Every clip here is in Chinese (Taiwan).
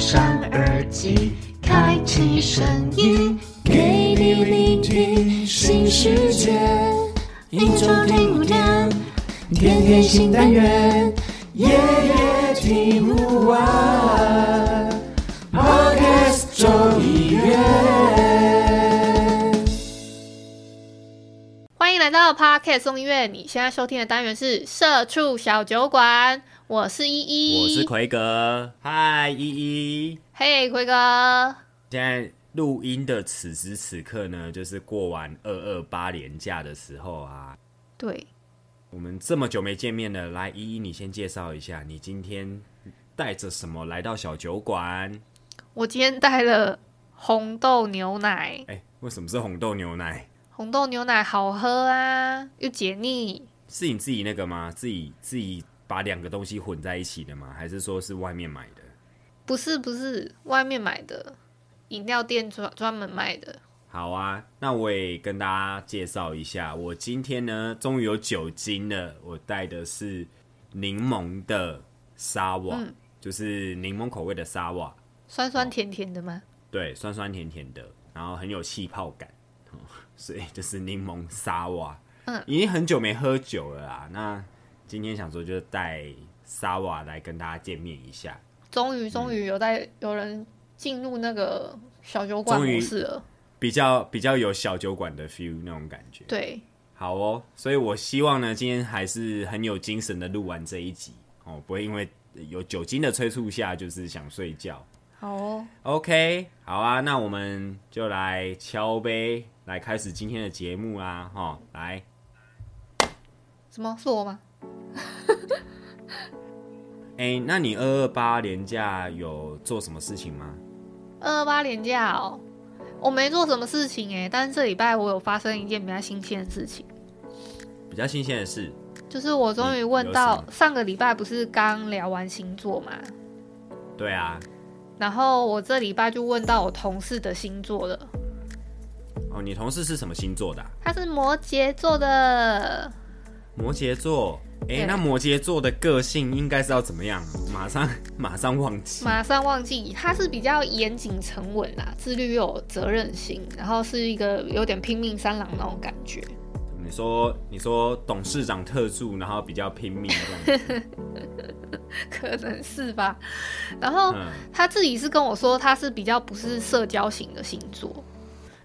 上耳機，開啟聲音，給你聆聽新世界。一周聽五天，天天新單元，夜夜聽不完。Podcast 眾議院，歡迎來到 Podcast 眾議院。你現在收聽的單元是《社畜小酒館》。我是依依，我是奎格。嗨，依依。嘿、hey,，奎哥。現在錄音的此時此刻呢,就是過完二二八連假的時候啊。對，我們這麼久沒見面了，來，依依，你先介紹一下，你今天帶着什麼來到小酒館？我今天帶了紅豆牛奶。哎、欸，為什麼是紅豆牛奶？紅豆牛奶好喝啊，又解膩。是你自己那個嗎？自己自己。把兩個東西混在一起的嗎？還是說是外面買的？不是，不是外面買的，飲料店專專門賣的。好啊，那我也跟大家介紹一下，我今天呢終於有酒精了，我帶的是檸檬的沙瓦，嗯，就是檸檬口味的沙瓦，酸酸甜甜的嗎？哦，對，酸酸甜甜的，然後很有氣泡感，哦，所以這是檸檬沙瓦。嗯，已經很久沒喝酒了啦，那。今天想說，就帶沙瓦來跟大家見面一下。終於，終於有在有人進入那個小酒館模式了，比較比較有小酒館的 feel 那種感覺。對，好哦，所以我希望呢，今天還是很有精神的錄完這一集哦，不會因為有酒精的催促下就是想睡覺。好哦，OK，好啊，那我們就來敲杯，來開始今天的節目啦。哈、哦，來，什麼？是我嗎？哎、 欸，那你二二八連假有做什麼事情嗎？二二八連假，哦。我沒做什麼事情哎，但是這禮拜我有發生一件比較新鮮的事情。比較新鮮的事，就是我終於問到，上個禮拜不是剛聊完星座嗎？對啊。然後我這禮拜就問到我同事的星座了。哦，你同事是什麼星座的、啊？他是摩羯座的。摩羯座。欸、那摩羯座的個性應該是要怎麼樣？馬上，馬上忘記。馬上忘記，他是比較嚴謹沉穩啦，自律又有責任心，然後是一個有點拼命三郎那種感覺。你說，你說董事長特助，然後比較拼命的感覺。 可能是吧。然後、嗯、他自己是跟我說，他是比較不是社交型的星座，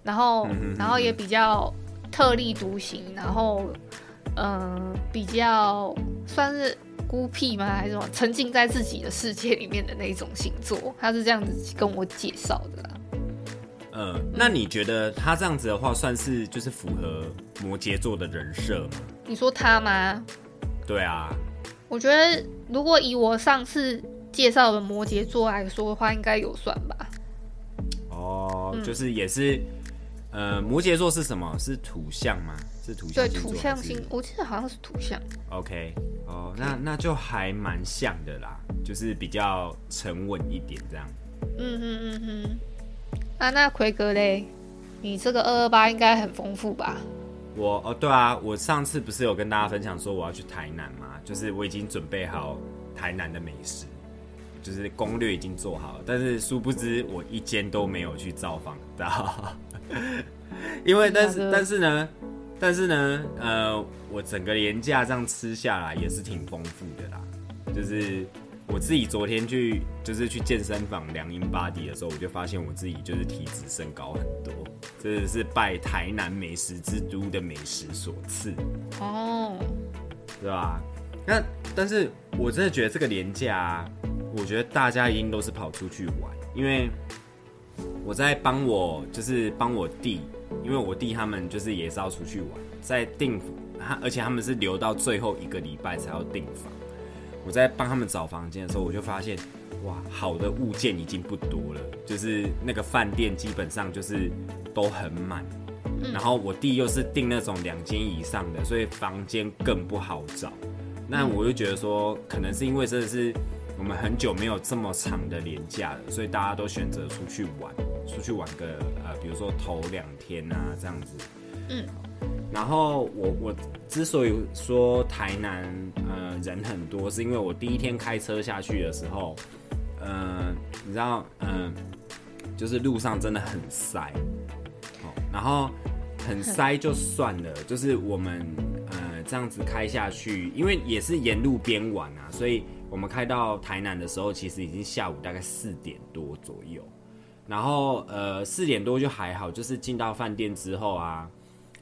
然後，嗯、哼哼，然後也比較特立獨行，然後。嗯、呃，比較算是孤僻嗎？還是什麼沉浸在自己的世界裡面的那種星座？他是這樣子跟我介紹的、啊。呃、嗯，那你覺得他這樣子的話，算是就是符合摩羯座的人設嗎？你說他嗎、嗯？對啊。我覺得如果以我上次介紹的摩羯座來說的話，應該有算吧。哦、嗯，就是也是，呃，摩羯座是什麼？是土象嗎？是土象星，對土象星，我記得好像是土象。OK，哦、oh, okay，那那就還蠻像的啦，就是比較沉穩一點這樣。嗯嗯嗯嗯，啊，那奎格嘞，你這個二二八應該很豐富吧？我哦，對啊，我上次不是有跟大家分享說我要去台南嘛，就是我已經準備好台南的美食，就是攻略已經做好了，但是殊不知我一間都沒有去造訪到， 因為但是但是呢。但是呢，呃，我整個連假這樣吃下來也是挺豐富的啦。就是我自己昨天去，就是去健身房量 InBody 的時候，我就發現我自己就是體脂升高很多，真、就、的、是、是拜台南美食之都的美食所賜哦，對、oh. 吧？那但是我真的覺得這個連假，我覺得大家一定都是跑出去玩，因為我在幫我，就是幫我弟。因為我弟他們就是也是要出去玩，在訂，他而且他們是留到最後一個禮拜才要訂房。我在幫他們找房間的時候，我就發現，哇，好的物件已經不多了，就是那個飯店基本上就是都很滿。嗯、然後我弟又是訂那種兩間以上的，所以房間更不好找。那我就覺得說，可能是因為真的是我們很久沒有這麼長的連假了，所以大家都選擇出去玩。出去玩個呃，比如說頭兩天啊這樣子，嗯，然後我我之所以說台南呃人很多，是因為我第一天開車下去的時候，呃，你知道，呃，就是路上真的很塞，好，哦，然後很塞就算了，就是我們呃這樣子開下去，因為也是沿路邊玩啊，所以我們開到台南的時候，其實已經下午大概四點多左右。然後，呃，四點多就還好，就是進到飯店之後啊，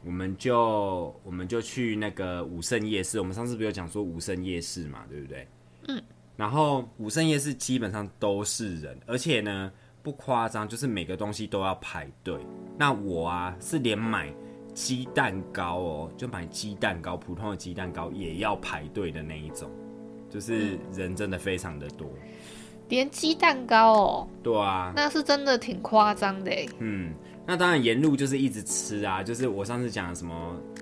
我們就我們就去那個武聖夜市。我們上次不是有講說武聖夜市嘛，對不對？嗯。然後武聖夜市基本上都是人，而且呢不誇張，就是每個東西都要排隊。那我啊是連買雞蛋糕哦，就買雞蛋糕，普通的雞蛋糕也要排隊的那一種，就是人真的非常的多。嗯連雞蛋糕哦，對啊，那是真的挺誇張的。嗯，那當然沿路就是一直吃啊，就是我上次講什麼，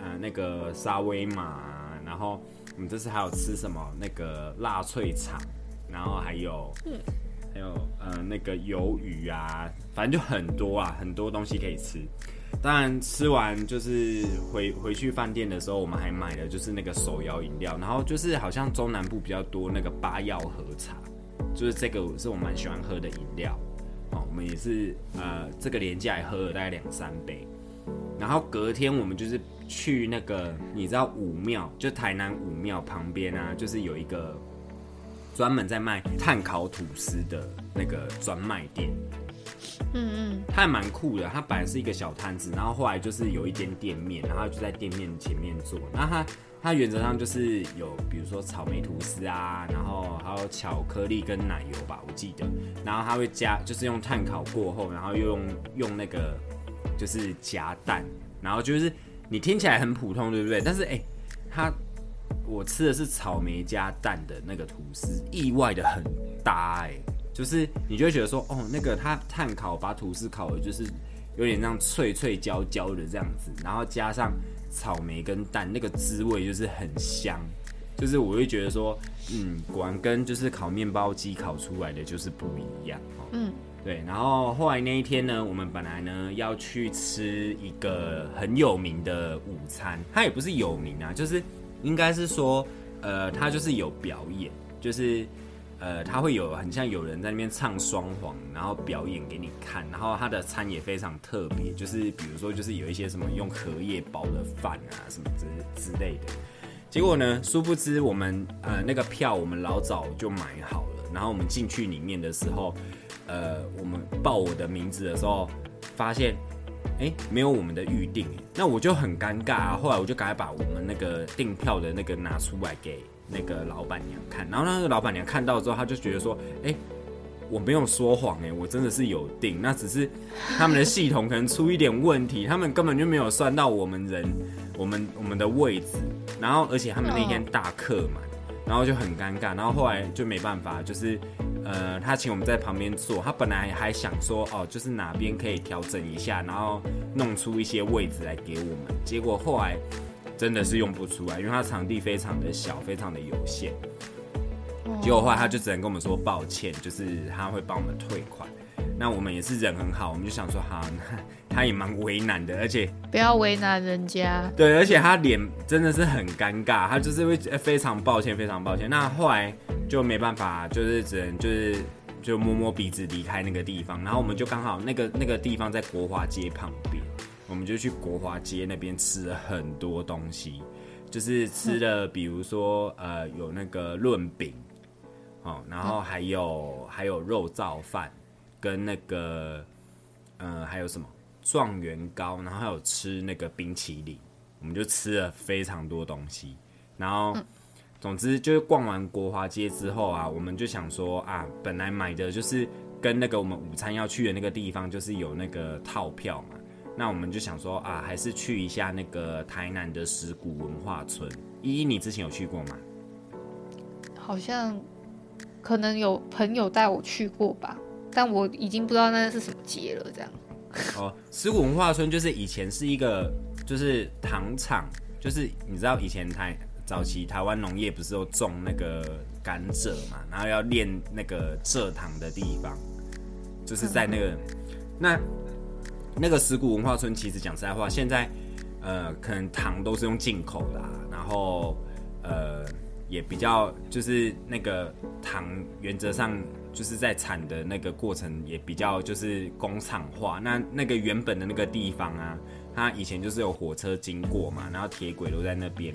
呃，那個沙威瑪、啊，然後我們這次還有吃什麼那個辣脆腸，然後還有，嗯、還有呃那個魷魚啊，反正就很多啊，很多東西可以吃。當然吃完就是回回去飯店的時候，我們還買了就是那個手搖飲料，然後就是好像中南部比較多那個八曜和茶。就是這個是我蠻喜歡喝的飲料。哦，我們也是呃這個連假也喝了大概兩三杯，然後隔天我們就是去那個你知道武廟就台南武廟旁邊啊，就是有一個專門在賣碳烤吐司的那個專賣店，嗯嗯，它還蠻酷的，它本來是一個小攤子，然後後來就是有一間店面，然後就在店面前面做，那它它原則上就是有，比如說草莓吐司啊，然後還有巧克力跟奶油吧，我記得。然後它會加，就是用炭烤過後，然後又用用那個就是夾蛋，然後就是你聽起來很普通，對不對？但是哎、欸，它我吃的是草莓加蛋的那個吐司，意外的很搭哎、欸，就是你就會覺得說，哦，那個它炭烤把吐司烤的，就是有點那種脆脆焦焦的這樣子，然後加上。草莓跟蛋那個滋味就是很香，就是我會覺得說，嗯，果然跟就是烤麵包機烤出來的就是不一樣哦。嗯，對。然後後來那一天呢，我們本來呢要去吃一個很有名的午餐，它也不是有名啊，就是應該是說，呃，它就是有表演，就是。呃，他會有很像有人在那邊唱雙簧，然後表演給你看，然後他的餐也非常特別，就是比如說就是有一些什麼用荷葉包的飯啊什麼之之類的。結果呢，殊不知我們呃那個票我們老早就買好了，然後我們進去裡面的時候，呃，我們報我的名字的時候，發現哎沒有我們的預定，那我就很尷尬啊。後來我就趕快把我們那個訂票的那個拿出來給。那個老闆娘看，然後那個老闆娘看到之後，她就覺得說：“哎、欸，我沒有說謊，哎，我真的是有訂。那只是他們的系統可能出一點問題，他們根本就沒有算到我們人，我們我們的位置。然後，而且他們那天大客滿，oh. 然後就很尷尬。然後後來就沒辦法，就是呃，他請我們在旁邊坐。他本來還想說，哦，就是哪邊可以調整一下，然後弄出一些位置來給我們。結果後來。”真的是用不出來，因為他場地非常的小，非常的有限。結果後來，他就只能跟我們說抱歉，就是他會幫我們退款。那我們也是人很好，我們就想說好，他也蠻為難的，而且不要為難人家。對，而且他臉真的是很尷尬，他就是會非常抱歉，非常抱歉。那後來就沒辦法，就是只能就是就摸摸鼻子離開那個地方。然後我們就剛好那個那個地方在國華街旁邊。我們就去國華街那邊吃了很多東西，就是吃了，比如說呃，有那個潤餅，哦，然後還有還有肉燥飯，跟那個呃還有什麼狀元糕，然後還有吃那個冰淇淋，我們就吃了非常多東西。然後總之就是逛完國華街之後啊，我們就想說啊，本來買的就是跟那個我們午餐要去的那個地方就是有那個套票嘛。那我們就想說啊，還是去一下那個台南的十鼓文化村。依依，你之前有去過嗎？好像可能有朋友帶我去過吧，但我已經不知道那個是什麼節了。這樣。哦，十鼓文化村就是以前是一個，就是糖廠，就是你知道以前台早期台灣農業不是有種那個甘蔗嘛，然後要煉那個蔗糖的地方，就是在那個、嗯、那。那個石鼓文化村，其實講實在話，現在，呃，可能糖都是用進口的，啊，然後，呃，也比較就是那個糖，原則上就是在產的那個過程也比較就是工廠化。那那個原本的那個地方啊，它以前就是有火車經過嘛，然後鐵軌都在那邊，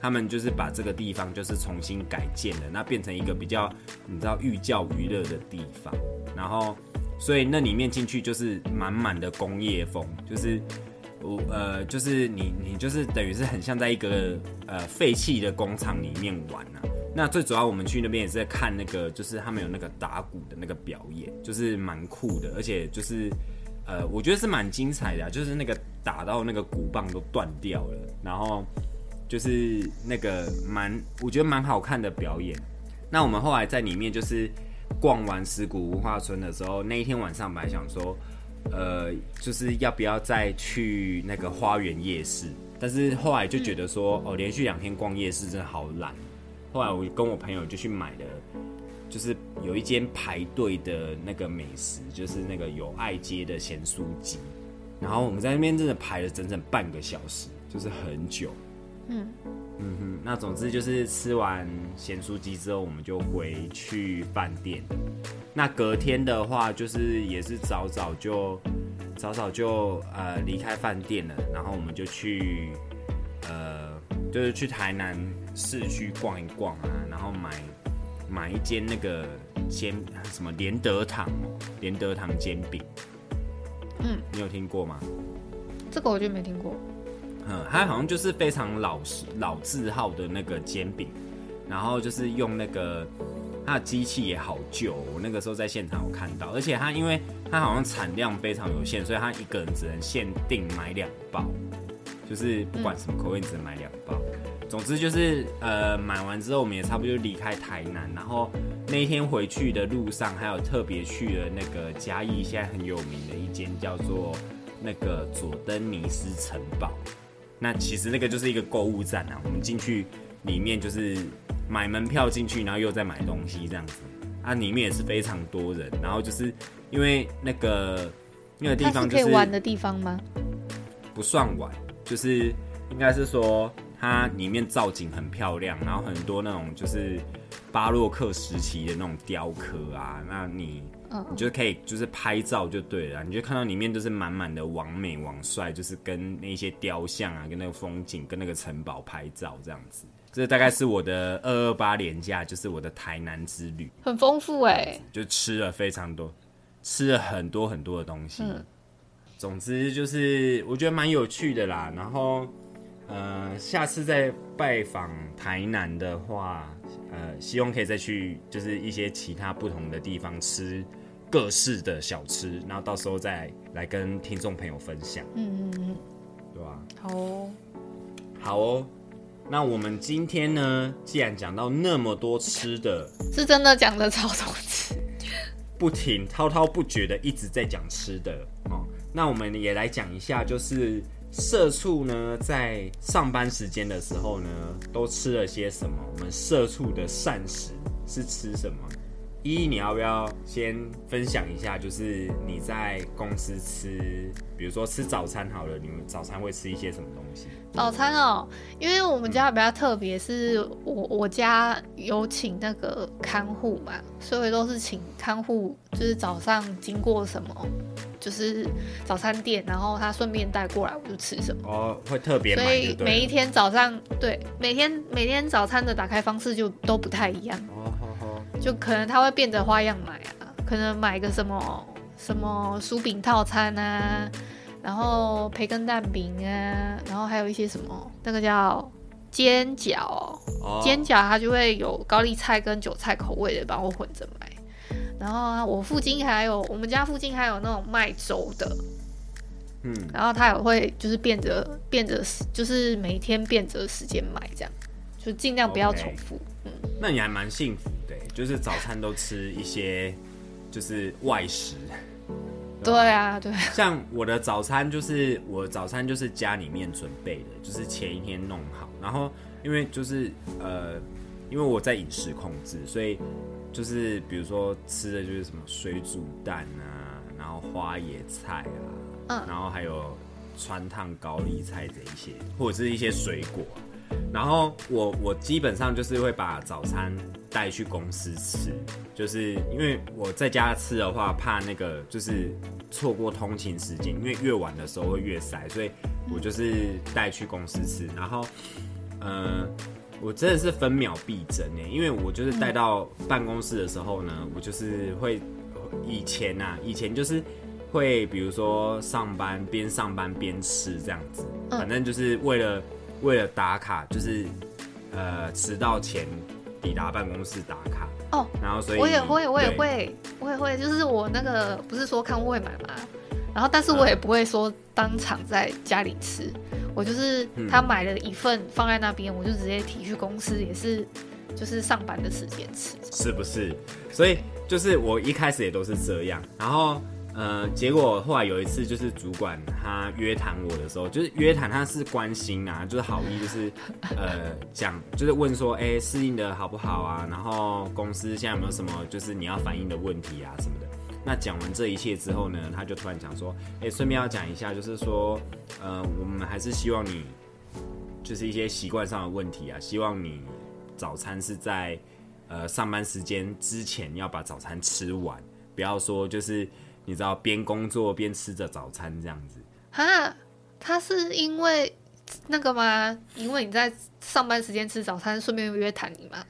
他們就是把這個地方就是重新改建了，那變成一個比較你知道寓教於樂的地方，然後。所以那裡面進去就是滿滿的工業風，就是我呃，就是你你就是等於是很像在一個呃廢棄的工廠裡面玩啊。那最主要我們去那邊也是在看那個，就是他們有那個打鼓的那個表演，就是蠻酷的，而且就是呃，我覺得是蠻精彩的啊，就是那個打到那個鼓棒都斷掉了，然後就是那個蠻我覺得蠻好看的表演。那我們後來在裡面就是。逛完十鼓文化村的時候，那一天晚上本來想說，呃，就是要不要再去那個花園夜市，但是後來就覺得說，哦，連續兩天逛夜市真的好懶。後來我跟我朋友就去買了，就是有一間排隊的那個美食，就是那個友愛街的鹹酥雞，然後我們在那邊真的排了整整半個小時，就是很久。嗯嗯哼，那總之就是吃完鹹酥雞之後，我們就回去飯店。那隔天的話，就是也是早早就早早就呃離開飯店了，然後我們就去呃就是去台南市區逛一逛啊，然後買買一間那個煎什麼連得堂，連得堂煎餅。嗯，你有聽過嗎？這個我就沒聽過。嗯，它好像就是非常老老字號的那個煎餅，然後就是用那個它的機器也好舊。哦，我那個時候在現場有看到，而且它因為它好像產量非常有限，所以它一個人只能限定買兩包，就是不管什麼口味只能買兩包。嗯、總之就是呃買完之後，我們也差不多就離開台南，然後那一天回去的路上，還有特別去了那個嘉義，現在很有名的一間叫做那個佐登尼斯城堡。那其實那個就是一個購物站啊，我們進去裡面就是買門票進去，然後又再買東西這樣子啊，裡面也是非常多人，然後就是因為那個那個那個地方就是可以玩的地方嗎？不算玩，就是應該是說它裡面造景很漂亮，然後很多那種就是。巴洛克時期的那種雕刻啊，那你，你就可以就是拍照就對了、啊，你就看到裡面就是滿滿的網美網帥，就是跟那些雕像啊，跟那個風景，跟那個城堡拍照這樣子。這大概是我的二二八連假，就是我的台南之旅，很豐富哎、欸，就吃了非常多，吃了很多很多的東西。嗯、總之就是我覺得蠻有趣的啦。然後，呃，下次再拜訪台南的話。呃，希望可以再去，就是一些其他不同的地方吃各式的小吃，然後到時候再來跟聽眾朋友分享。嗯嗯對吧？好、哦，好哦。那我們今天呢，既然講到那麼多吃的，是真的講得超多吃，不停滔滔不絕地一直在講吃的哦。那我們也來講一下，就是。社畜呢，在上班時間的時候呢，都吃了些什麼？我們社畜的膳食是吃什麼？依依，你要不要先分享一下？就是你在公司吃，比如說吃早餐好了，你們早餐會吃一些什麼東西？早餐哦，因為我們家比較特別，是我、嗯、我家有請那個看護嘛，所以都是請看護，就是早上經過什麼。就是早餐店，然後他順便帶過來，我就吃什麼。哦，會特別。所以每一天早上，對，每天每天早餐的打開方式就都不太一樣。哦，哦，哦。就可能他會變着花樣買啊、哦，可能買個什麼什麼薯餅套餐啊、嗯，然後培根蛋餅啊，然後還有一些什麼那個叫煎餃、哦，煎餃它就會有高麗菜跟韭菜口味的，幫我混着買。然後，啊，我附近還有我們家附近還有那種賣粥的，嗯，然後他也會就是變着變着，就是每天變着時間買。這樣，就盡量不要重複。Okay. 嗯，那你還蠻幸福的，就是早餐都吃一些就是外食。 對，對啊，對。像我的早餐就是我早餐就是家裡面準備的，就是前一天弄好，然後因為就是呃，因為我在飲食控制，所以。就是比如說吃的就是什麼水煮蛋啊，然後花椰菜啊，然後還有川燙高麗菜這一些，或者是一些水果。然後我我基本上就是會把早餐帶去公司吃，就是因為我在家吃的話，怕那個就是錯過通勤時間，因為越晚的時候會越塞，所以我就是帶去公司吃。然後，嗯、呃。我真的是分秒必爭呢，因為我就是帶到辦公室的時候呢、嗯，我就是會以前啊，以前就是會比如說上班，邊上班邊吃這樣子，反正就是為了、嗯、為了打卡，就是呃遲到前抵達辦公室打卡。哦、嗯，然後所以我也會我也會我也會，就是我那個不是說看外買嘛，然後但是我也不會說當場在家裡吃。嗯我就是他買了一份放在那邊，嗯，我就直接提去公司，也是就是上班的時間吃，是不是？所以就是我一開始也都是這樣，然後呃，結果後來有一次就是主管他約談我的時候，就是約談他是關心啊，就是好意，就是 呃講就是問說，哎、欸，適應的好不好啊？然後公司現在有沒有什麼就是你要反映的問題啊什麼的。那講完這一切之後呢，他就突然講說：“哎、欸，順便要講一下，就是說，呃，我們還是希望你，就是一些習慣上的問題啊，希望你早餐是在呃上班時間之前要把早餐吃完，不要說就是你知道邊工作邊吃着早餐這樣子。”哈，他是因為那個嗎？因為你在上班時間吃早餐，順便約談你嗎？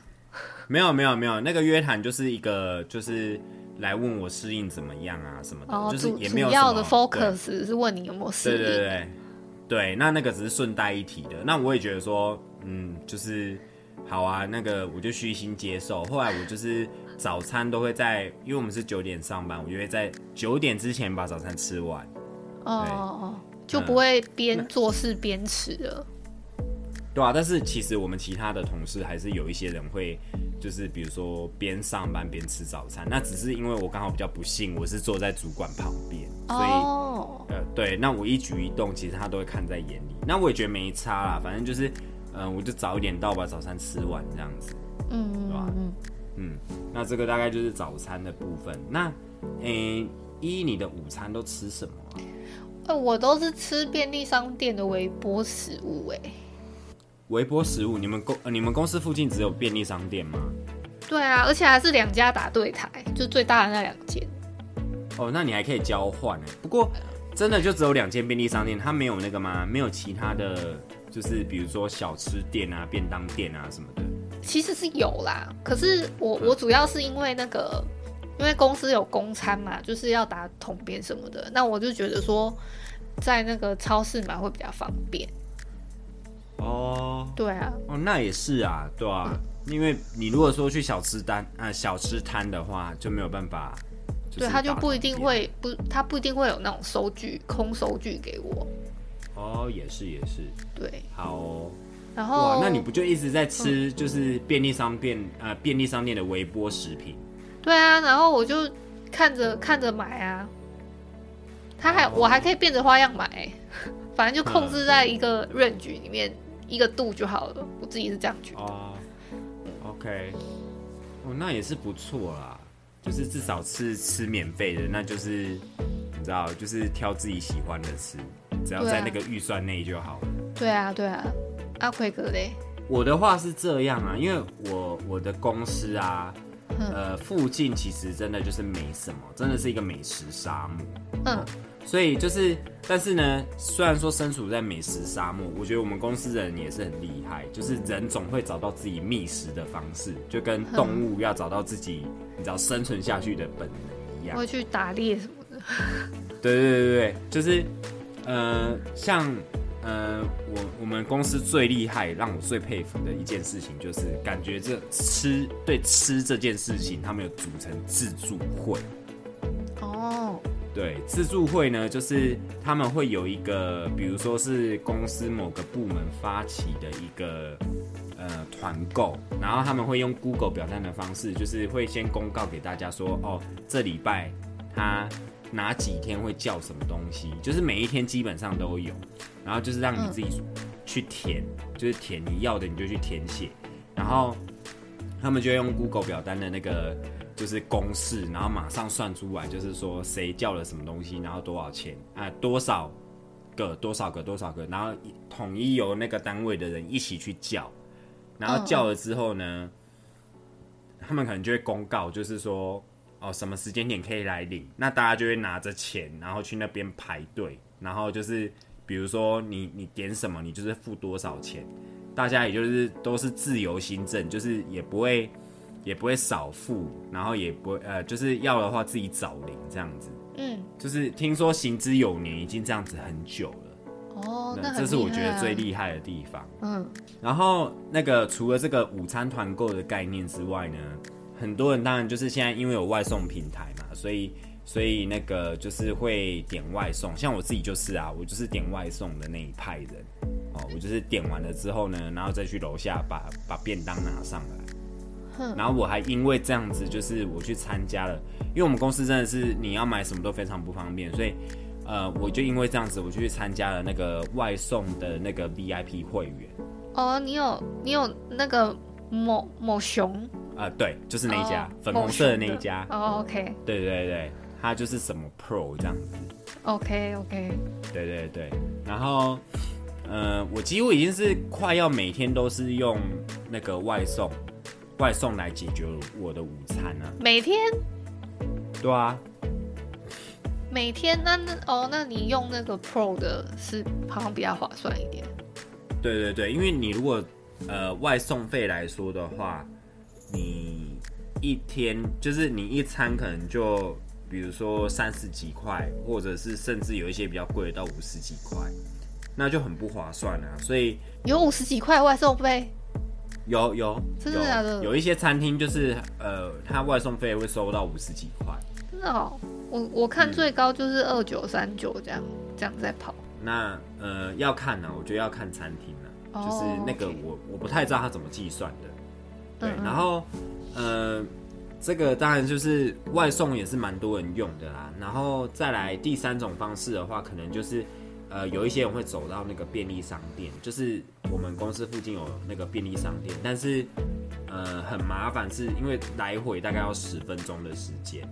沒有沒有沒有，那個約談就是一個就是。來問我適應怎麼樣啊？什麼的、哦？就是也沒有主要的 focus 是問你有沒有適應。對，對對對，對，那那個只是順帶一提的。那我也覺得說，嗯，就是好啊。那個我就虛心接受。後來我就是早餐都會在，因為我們是九點上班，我就會在九點之前把早餐吃完。哦哦，就不會邊做事邊吃了。嗯對啊，但是其實我們其他的同事還是有一些人會，就是比如說邊上班邊吃早餐，那只是因為我剛好比較不幸，我是坐在主管旁邊，所以、oh. 呃，對，那我一舉一動其實他都會看在眼裡，那我也覺得沒差啦，反正就是嗯、呃，我就早一點到把早餐吃完這樣子，嗯、mm -hmm.，對吧？嗯，那這個大概就是早餐的部分，那嗯依依，你的午餐都吃什麼啊？哎，我都是吃便利商店的微波食物哎、欸。微波食物，你們公呃你們公司附近只有便利商店嗎？對啊，而且還是兩家打對台，就最大的那兩間。哦，那你還可以交換哎、欸。不過真的就只有兩間便利商店，它沒有那個嗎？沒有其他的就是比如說小吃店啊、便當店啊什麼的。其實是有啦，可是我我主要是因為那個，因為公司有公餐嘛，就是要打統編什麼的，那我就覺得說在那個超市買會比較方便。哦，對啊，哦，那也是啊，對啊，嗯、因為你如果說去小吃攤啊、呃、小吃攤的話，就沒有辦法，對，他就不一定會不他不一定會有那種收據空收據給我。哦，也是也是，對，好、哦，然後哇那你不就一直在吃就是便利商店啊、嗯呃，便利商店的微波食品？對啊，然後我就看着看着買啊，他還我還可以變着花樣買、欸， 反正就控制在一個 range 裡面。一個度就好了，我自己是這樣覺得。哦、oh,，OK，哦、oh,，那也是不錯啦，就是至少吃吃免費的，那就是你知道，就是挑自己喜歡的吃，只要在那個預算內就好了。對啊，對啊，對啊阿，奎格嘞。我的話是這樣啊，因為我我的公司啊、嗯呃，附近其實真的就是沒什麼，真的是一個美食沙漠。嗯。嗯所以就是，但是呢，雖然說身處在美食沙漠，我覺得我們公司人也是很厲害。就是人總會找到自己覓食的方式，就跟動物要找到自己，你知道生存下去的本能一樣。會去打獵什麼的。對對對對對，就是，呃，像呃，我我們公司最厲害，讓我最佩服的一件事情，就是感覺這吃對吃這件事情，他們有組成自助會。對，自助會呢，就是他們會有一個，比如說是公司某個部門發起的一個呃團購，然後他們會用 Google 表單的方式，就是會先公告給大家說，哦，這禮拜他哪幾天會叫什麼東西，就是每一天基本上都有，然後就是讓你自己去填，嗯、就是填你要的你就去填寫，然後他們就用 Google 表單的那個。就是公式，然後馬上算出來，就是說誰叫了什麼東西，然後多少錢啊、呃？多少個？多少個？多少個？然後統一由那個單位的人一起去叫，然後叫了之後呢，嗯、他們可能就會公告，就是說哦，什麼時間點可以來領？那大家就會拿着錢，然後去那邊排隊，然後就是比如說你你點什麼，你就是付多少錢，大家也就是都是自由心證，就是也不會。也不會少付，然後也不，呃，就是要的話自己找零這樣子。嗯，就是聽說行之有年，已經這樣子很久了。哦，那這是我覺得最厲害的地方。嗯，然後那個除了這個午餐團購的概念之外呢，很多人當然就是現在因為有外送平台嘛，所以所以那個就是會點外送，像我自己就是啊，我就是點外送的那一派人。哦，我就是點完了之後呢，然後再去樓下把把便當拿上來。然後我還因為這樣子，就是我去參加了，因為我們公司真的是你要買什麼都非常不方便，所以，呃，我就因為這樣子，我就去參加了那個外送的那個 VIP 會員。哦，你有你有那個某某熊？呃，對，就是那一家、呃、粉紅色的那一家。哦，OK。對對對，它就是什麼 Pro 這樣子。OK OK。對對對，然後，嗯、呃，我幾乎已經是快要每天都是用那個外送，外送來解決我的午餐呢。啊？每天？對啊，每天那那哦，那你用那個 Pro 的是好像比較划算一點。對對對，因為你如果呃外送費來說的話，你一天就是你一餐可能就比如說三十幾塊，或者是甚至有一些比較貴的到五十幾塊，那就很不划算啊。所以有五十幾塊外送費？有有，真的假的？有，有一些餐廳就是呃，它外送費會收到五十幾塊，真的哦。我我看最高就是二九三九這樣這樣在跑。那呃要看呢、啊，我覺得要看餐廳了、啊，oh, 就是那個我、okay. 我，我不太知道它怎麼計算的。對，uh-huh. 然後呃這個當然就是外送也是蠻多人用的啦。然後再來第三種方式的話，可能就是。呃，有一些人會走到那個便利商店，就是我們公司附近有那個便利商店，但是呃很麻煩，是因為來回大概要十分鐘的時間，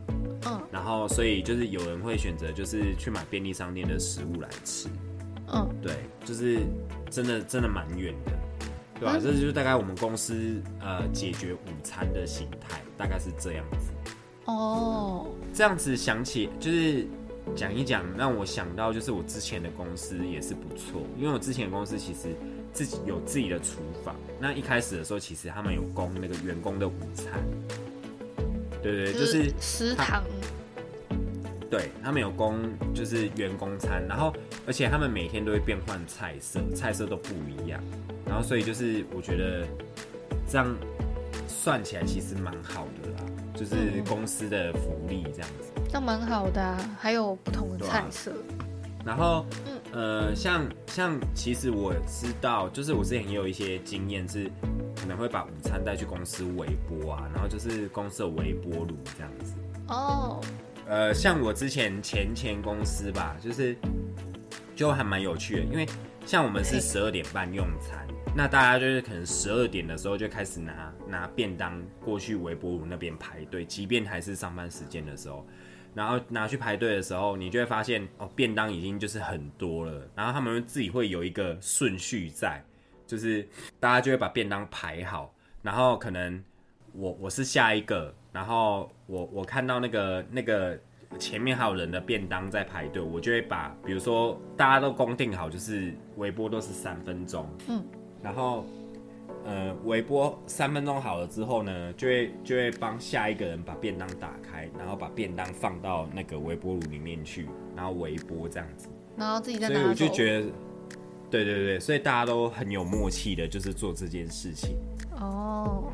嗯，然後所以就是有人會選擇就是去買便利商店的食物來吃，嗯，對，就是真的真的蠻遠的，對吧？嗯，這就是大概我們公司呃解決午餐的形態，大概是這樣子，哦，這樣子想起就是。講一講，讓我想到就是我之前的公司也是不錯，因為我之前的公司其實自己有自己的廚房。那一開始的時候，其實他們有供那個員工的午餐，對對，對，就是食堂。對，他們有供就是員工餐，然後而且他們每天都會變換菜色，菜色都不一樣。然後所以就是我覺得這樣算起來其實蠻好的啦，就是公司的福利這樣子。嗯都蠻好的啊，還有不同的菜色。啊。然後，嗯，呃，像像，其實我知道，就是我之前也有一些經驗，是可能會把午餐帶去公司微波啊，然後就是公司的微波爐這樣子。哦。呃，像我之前前前公司吧，就是就還蠻有趣的，因為像我們是十二點半用餐，那大家就是可能十二點的時候就開始拿拿便當過去微波爐那邊排隊，即便還是上班時間的時候。然後拿去排隊的時候，你就會發現哦，便當已經就是很多了。然後他們自己會有一個順序在，就是大家就會把便當排好。然後可能我我是下一個，然後我我看到那個那個前面還有人的便當在排隊，我就會把，比如說大家都公定好，就是微波都是三分鐘，嗯，然後。呃，微波三分鐘好了之後呢，就會就會幫下一個人把便當打開，然後把便當放到那個微波爐裡面去，然後微波這樣子。然後自己在那。所以我就覺得，對對對，所以大家都很有默契的，就是做這件事情。哦。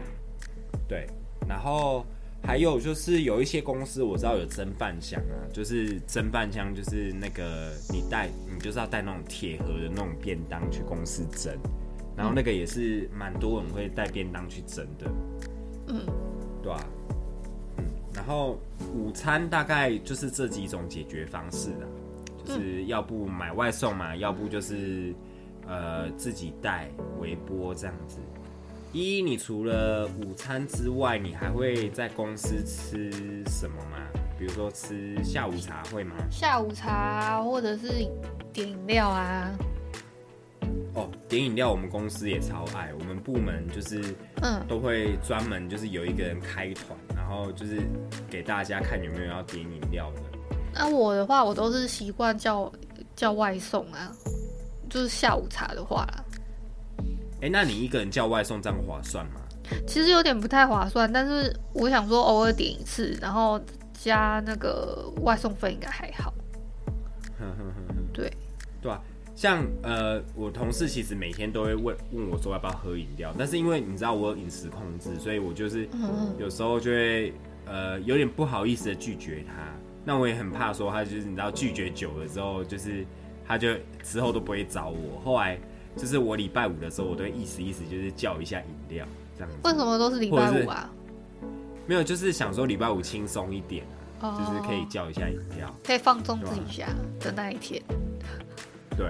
對，然後還有就是有一些公司我知道有蒸飯箱啊，就是蒸飯箱，就是那個你帶，你就是要帶那種鐵盒的那種便當去公司蒸。然後那個也是蠻多人會帶便當去蒸的，嗯，對啊，嗯，然後午餐大概就是這幾種解決方式啦，就是要不買外送嘛，嗯、要不就是呃自己帶微波這樣子。依依，你除了午餐之外，你還會在公司吃什麼嗎？比如說吃下午茶會嗎？下午茶或者是點飲料啊。哦，點飲料我們公司也超愛，我們部門就是嗯，都會專門就是有一個人開團，嗯，然後就是給大家看有沒有要點飲料的。那，啊，我的話，我都是習慣叫叫外送啊，就是下午茶的話。哎，欸，那你一個人叫外送這樣划算嗎？其實有點不太划算，但是我想說偶爾點一次，然後加那個外送費應該還好。對對。對啊像呃，我同事其實每天都會問問我說要不要喝飲料，但是因為你知道我飲食控制，所以我就是有時候就會呃有點不好意思的拒絕他。那我也很怕說他就是你知道拒絕久了之後，就是他就之後都不會找我。後來就是我禮拜五的時候，我都會意思意思就是叫一下飲料這樣子。為什麼都是禮拜五啊？沒有，就是想說禮拜五輕鬆一點啊，哦，就是可以叫一下飲料，可以放縱自己一下的那一天。對，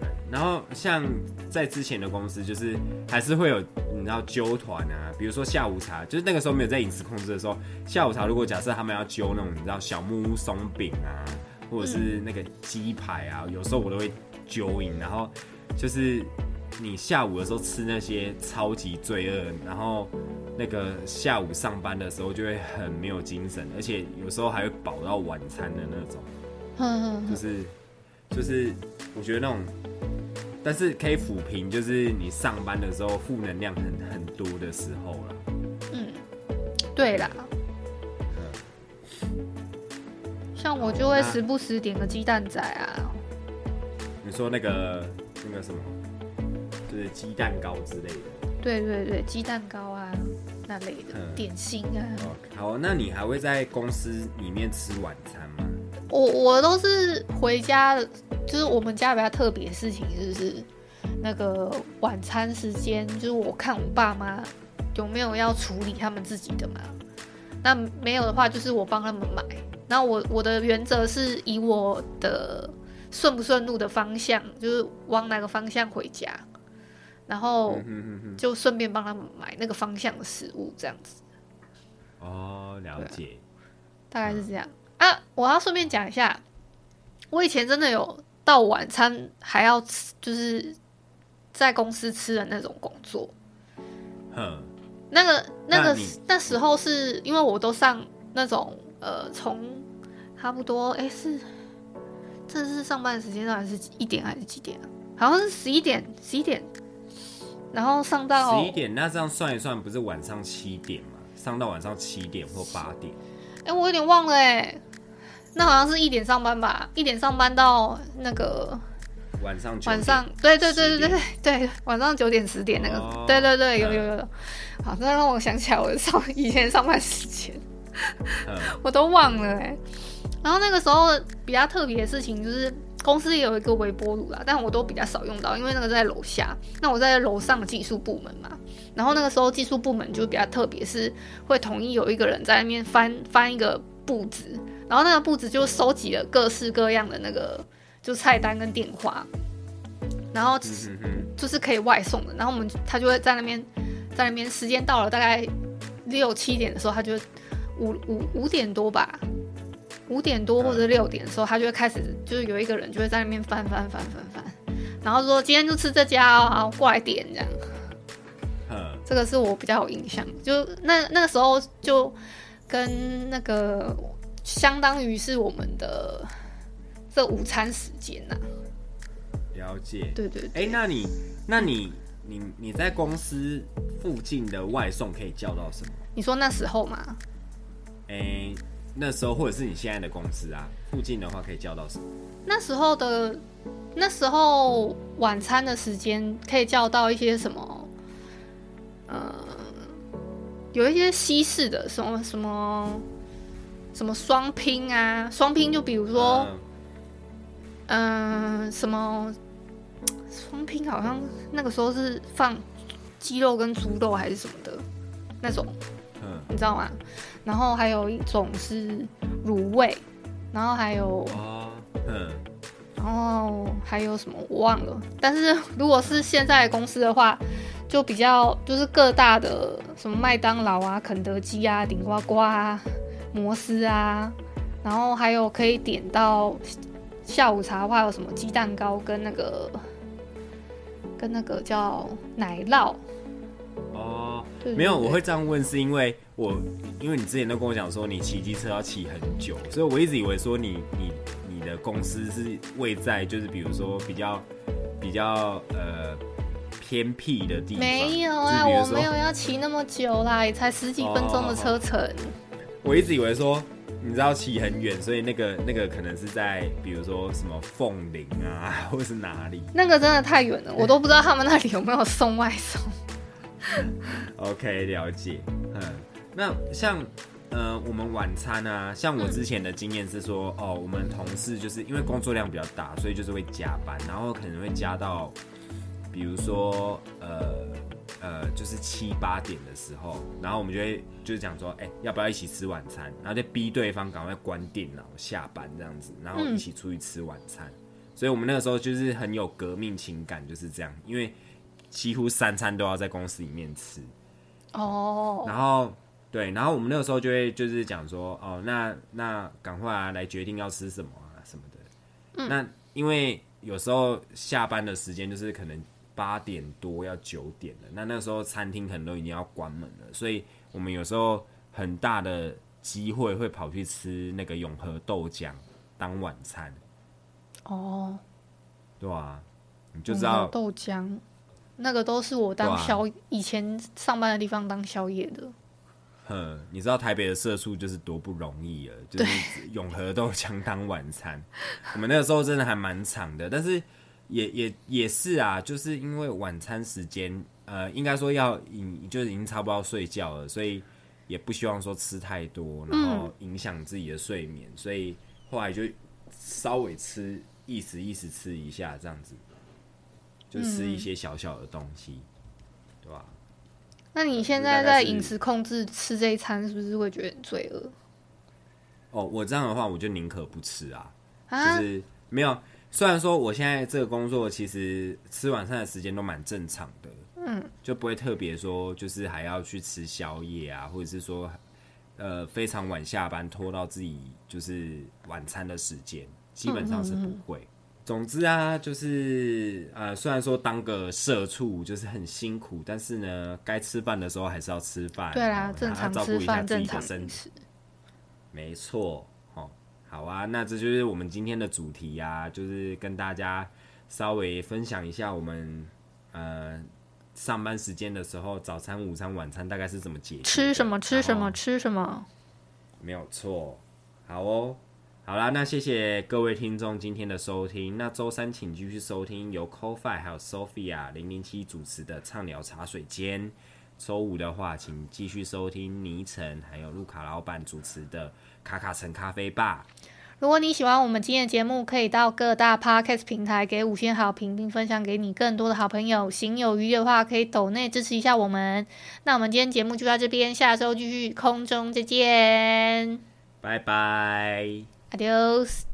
對，然後像在之前的公司，就是還是會有你知道揪團啊，比如說下午茶，就是那個時候沒有在飲食控制的時候，下午茶如果假設他們要揪那種你知道小木屋鬆餅啊，或者是那個雞排啊，嗯、有時候我都會揪飲，然後就是你下午的時候吃那些超級罪惡，然後那個下午上班的時候就會很沒有精神，而且有時候還會飽到晚餐的那種，呵呵呵，就是。就是，我覺得那種，但是可以撫平，就是你上班的時候負能量很很多的時候啦。嗯，對啦、嗯。像我就會時不時點個雞蛋仔啊。哦、你說那個那個什麼，就是雞蛋糕之類的。對對對，雞蛋糕啊，那類的點心啊。嗯哦、好、哦，那你還會在公司裡面吃晚餐嗎？我我都是回家的，就是我們家比較特別的事情是不是，就是那個晚餐時間，就是我看我爸媽有沒有要處理他們自己的嘛。那沒有的話，就是我幫他們買。那我我的原則是以我的順不順路的方向，就是往哪個方向回家，然後就順便幫他們買那個方向的食物，這樣子。哦，了解，大概是這樣。嗯啊，我要順便講一下，我以前真的有到晚餐還要吃，就是在公司吃的那種工作。哼，那個那個那，那時候是因為我都上那種呃，從差不多哎、欸、是，正式上班的時間段是一點還是幾點啊？好像是十一點，十一點，然後上到十一點。那這樣算一算，不是晚上七點嘛？上到晚上七點或八點。哎、欸，我有點忘了哎、欸。那好像是一點上班吧，一點上班到那個晚上晚上九點十點，對對對對對對，晚上九點十點那個、哦，對對對，有、有有有。好，這讓我想起來我的上以前上班時間，嗯、 我都忘了嘞、欸。然後那個時候比較特別的事情就是公司也有一個微波爐啦，但我都比較少用到，因為那個在樓下。那我在樓上的技術部門嘛，然後那個時候技術部門就比較特別，是、嗯、會同意有一個人在那邊翻翻一個簿子。然後那個佈置就收集了各式各樣的那個，就菜單跟電話，然後就是、嗯哼哼就是、可以外送的。然後我們就他就會在那邊，在那邊時間到了，大概六七點的時候，他就五五五點多吧，五點多或者六點的時候，他就會開始，就是有一個人就會在那邊翻翻翻翻翻，然後說今天就吃這家、哦，然後過來點這樣、嗯。這個是我比較有印象，就那那個時候就跟那個。相當於是我們的這午餐時間吶、啊。了解。對對，對。哎、欸，那你，那你，你你在公司附近的外送可以叫到什麼？你說那時候嗎？哎、欸，那時候或者是你現在的公司啊，附近的話可以叫到什麼？那時候的那時候晚餐的時間可以叫到一些什麼？呃，有一些西式的什麼什麼。什麼什麼雙拼啊？雙拼就比如說，嗯，呃、什麼雙拼好像那個時候是放雞肉跟豬肉還是什麼的那種、嗯，你知道嗎？然後還有一種是滷味，然後還有、哦、嗯，然後還有什麼我忘了。但是如果是現在公司的話，就比較就是各大的什麼麥當勞啊、肯德基啊、頂呱呱、啊。摩斯啊，然後還有可以點到下午茶的話，有什麼雞蛋糕跟那個跟那個叫奶酪。哦，對對，沒有，我會這樣問是因為我因為你之前都跟我講說你騎機車要騎很久，所以我一直以為說你你你的公司是位在就是比如說比較比較呃偏僻的地方。沒有啊，就是，我沒有要騎那麼久啦，也才十幾分鐘的車程。哦好好我一直以為說，你知道騎很遠，所以那個那個可能是在，比如說什麼鳳林啊，或是哪裡？那個真的太遠了，我都不知道他們那裡有沒有送外送。 OK，了解。那像呃，我們晚餐啊，像我之前的經驗是說、嗯，哦，我們同事就是因為工作量比較大，所以就是會加班，然後可能會加到，比如說呃。呃，就是七八點的時候，然後我們就會就是講說，哎、欸，要不要一起吃晚餐？然後就逼對方趕快關電腦、下班這樣子，然後一起出去吃晚餐、嗯。所以我們那個時候就是很有革命情感，就是這樣，因為幾乎三餐都要在公司裡面吃。哦。嗯、然後，對，然後我們那個時候就會就是講說，哦，那那趕快、啊、來決定要吃什麼啊什麼的。嗯。那因為有時候下班的時間就是可能。八點多要九點了，那那時候餐廳可能都已經要關門了，所以我們有時候很大的機會會跑去吃那個永和豆漿當晚餐。哦，對啊，你就知道豆漿那個都是我當宵、啊、以前上班的地方當宵夜的。哼，你知道台北的社畜就是多不容易啊，就是永和豆漿當晚餐， 我們那個時候真的還蠻慘的，但是。也也也是啊，就是因為晚餐時間，呃，應該說要已就是已經差不多要睡覺了，所以也不希望說吃太多，然後影響自己的睡眠、嗯，所以後來就稍微吃意思意思吃一下這樣子，就吃一些小小的東西，嗯、對吧？那你現在在飲食控制吃這一餐，是不是會覺得很罪惡？哦，我這樣的話，我就寧可不吃啊，就是沒有。啊雖然說我現在這個工作，其實吃晚餐的時間都蠻正常的，嗯，就不會特別說就是還要去吃宵夜啊，或者是說，呃，非常晚下班拖到自己就是晚餐的時間，基本上是不會。總之啊，就是呃，雖然說當個社畜就是很辛苦，但是呢，該吃飯的時候還是要吃飯，對啊，正常照顧一下自己的身體，沒錯。好啊，那這就是我們今天的主題呀，啊，就是跟大家稍微分享一下我們，呃，上班時間的時候，早餐、午餐、晚餐大概是怎麼解決，吃什麼，吃什麼，哦，吃什麼，沒有錯，好哦，好啦。那謝謝各位聽眾今天的收聽，那週三請繼續收聽由 CoFi 還有 Sophia 零零七主持的暢聊茶水間。週五的話，請繼續收聽尼城還有陸卡老板主持的卡卡城咖啡吧。如果你喜歡我們今天的節目，可以到各大 Podcast 平台給五星好評，並分享給你更多的好朋友。行有餘的話，可以抖內支持一下我們。那我們今天節目就到這邊，下週繼續空中再見，拜拜，Adios。